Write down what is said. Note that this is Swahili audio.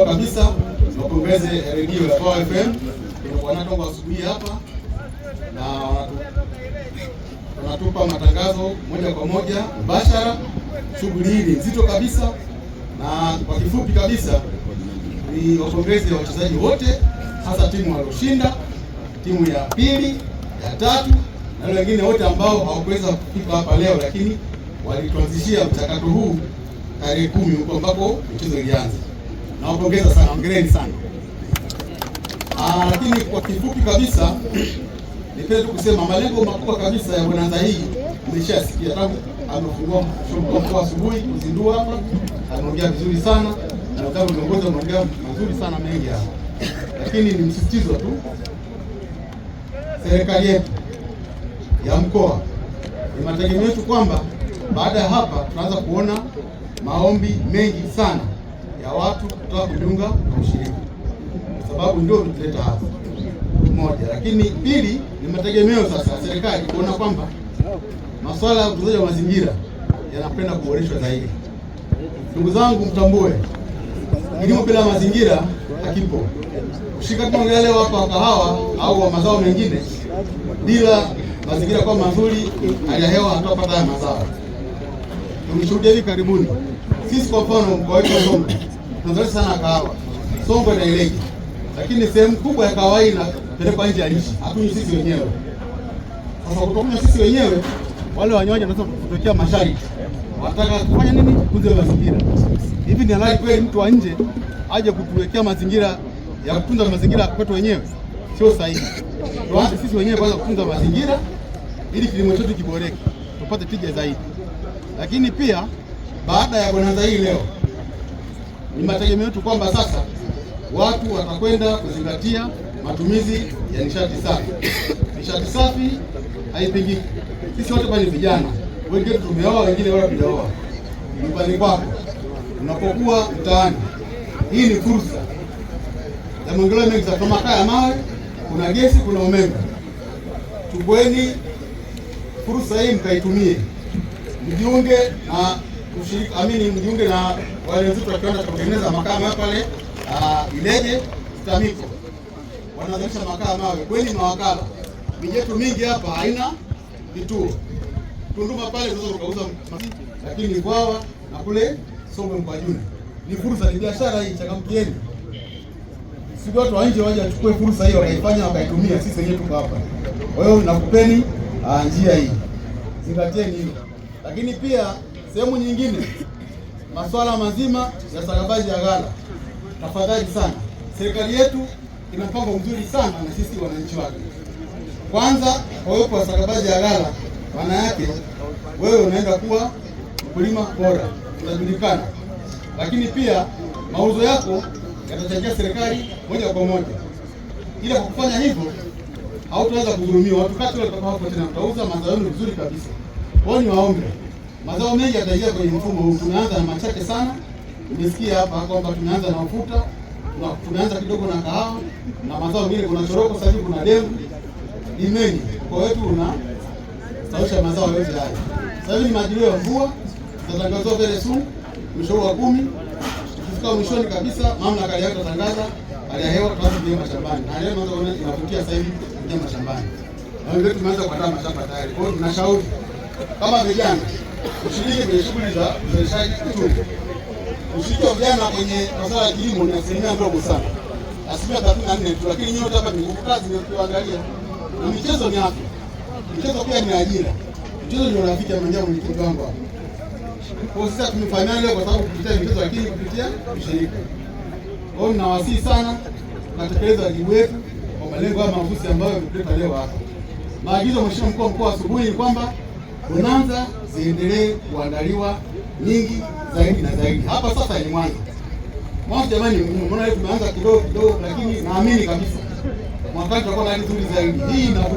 kubwa kabisa niwapongeze redio ya Power FM wanatonga asubuhi hapa na wanatupa matangazo moja kwa moja mbashara Shughuli hii ni nzito kabisa, na kwa kifupi kabisa ni wapongeze wachezaji wote, hasa timu walioshinda, timu ya pili, ya tatu na wengine wote ambao hawakuweza kufika hapa leo, lakini walituanzishia mchakato huu tarehe kumi huko ambapo mchezo ulianza nawapongeza sana, hongereni sana. Aa, ah, lakini kwa kifupi kabisa nipende kusema malengo makubwa kabisa ya bonanza hii nilishasikia tangu amefungua mkoa asubuhi kuzindua hapa, ameongea vizuri sana na kama viongozi wameongea mazuri sana mengi hapa, lakini ni msisitizo tu, serikali yetu ya mkoa ni mategemeo yetu kwamba baada ya hapa tunaanza kuona maombi mengi sana ya watu kutoka kujiunga na ushirika, kwa sababu ndio tuleta hapa moja. Lakini pili ni mategemeo sasa serikali kuona kwamba masuala ya utunzaji wa mazingira yanapenda kuboreshwa zaidi. Ndugu zangu, mtambue kilimo bila mazingira hakipo. Ushirika tunaongelea leo hapa kahawa au wa mazao mengine, bila mazingira kwa mazuri, hali ya hewa hatutapata haya mazao. Tumeshuhudia hivi karibuni sisi, kwa mfano mkoa wetu Songwe tunazalisha sana kahawa Songwe na Ileje, lakini sehemu kubwa ya kahawa hii nje ya nchi, hatunywi sisi wenyewe. Sasa kutokunywa sisi wenyewe, wale wanywaji wanaweza kutokea mashariki, wanataka kufanya nini? Kutunza mazingira. Hivi ni halali kweli mtu wa nje aje kutuwekea mazingira ya kutunza mazingira kwetu wenyewe? Sio sahihi. Tuanze sisi wenyewe kwanza kutunza mazingira ili kilimo chetu kiboreke, tupate tija zaidi. Lakini pia baada ya bonanza hii leo ni mategemeo yetu kwamba sasa watu watakwenda kuzingatia matumizi ya nishati safi. Nishati safi haipingiki. Sisi wote bali vijana, wengine tumeoa, wengine wala tujaoa. Nyumbani kwako unapokuwa mtaani, hii ni fursa ya maendeleo mengi Za Kuna makaa ya mawe, kuna gesi, kuna umeme. Chukueni fursa hii mkaitumie, mjiunge na amini mjunge na wale wenzetu wa kiwanda cha kutengeneza makaa mawe pale ah, Ileje Stamiko, wanazalisha makaa mawe kweli mawakala. mijetu mingi hapa haina vituo. Tunduma pale tunaweza ukauza lakini kwawa na kule Songwe Mkwajuni ni fursa, ni biashara hii, changamkieni. Sisi watu wa nje waje wachukue fursa hii, wakaifanya wakaitumia, sisi wenyewe tuko hapa. Kwa hiyo nakupeni ah, njia hii, zingatieni hiyo, lakini pia Sehemu nyingine masuala mazima ya sarabaji ya ghala, tafadhali sana, serikali yetu ina mpango mzuri sana na sisi wananchi wake. Kwanza kwa uwepo wa sarabaji ya ghala, maana yake wewe unaenda kuwa mkulima bora, unajulikana, lakini pia mauzo yako yatachangia serikali moja kwa moja, ila kwa kufanya hivyo hautaweza kuhurumiwa Watu kati wale hapo tena mtauza mazao yenu vizuri kabisa. Kwa hiyo niwaombe Mazao mengi yataingia kwenye mfumo huu, tumeanza na machache sana. Umesikia hapa kwamba tumeanza na mafuta, tumeanza kidogo na kahawa na mazao mengine, kuna choroko sasa hivi kuna dengu ni mengi, kwa hiyo tunastawisha mazao yote haya. Sasa hivi ni majilio ya mvua, tatangazwa vile soon, mwisho wa kumi. Tukifika mwishoni kabisa, mamlaka ya tatangaza hali ya hewa tutaanza kulima mashambani na leo mazao mwanzo yanapokea sasa hivi kulima mashambani, na wewe tumeanza kuandaa mashamba tayari. Kwa hiyo tunashauri kama vijana kushiriki kwenye shughuli za uzalishaji uchumi. Ushiriki wa vijana kwenye masuala ya kilimo ni asilimia ndogo sana, asilimia thelathini na nne tu, lakini nyote hapa ni nguvu kazi kuangalia, na michezo ni afya, michezo pia ni ajira, michezo ni rafiki amejaa mwenyekiti wangu hapa kwa sisi tumefanya leo kwa sababu kupitia michezo, lakini kupitia ushirika. Kwa hiyo ninawasihi sana, natekeleza wajibu wetu kwa malengo haya mahususi ambayo yametuleta leo hapa. Maagizo Mheshimiwa Mkuu wa Mkoa asubuhi ni kwamba bonanza ziendelee kuandaliwa nyingi zaidi na zaidi. Hapa sasa ni mwanzo mwanzo, jamani, mbona tumeanza kidogo kidogo, lakini naamini kabisa mwakani tutakuwa na nzuri zaidi hii na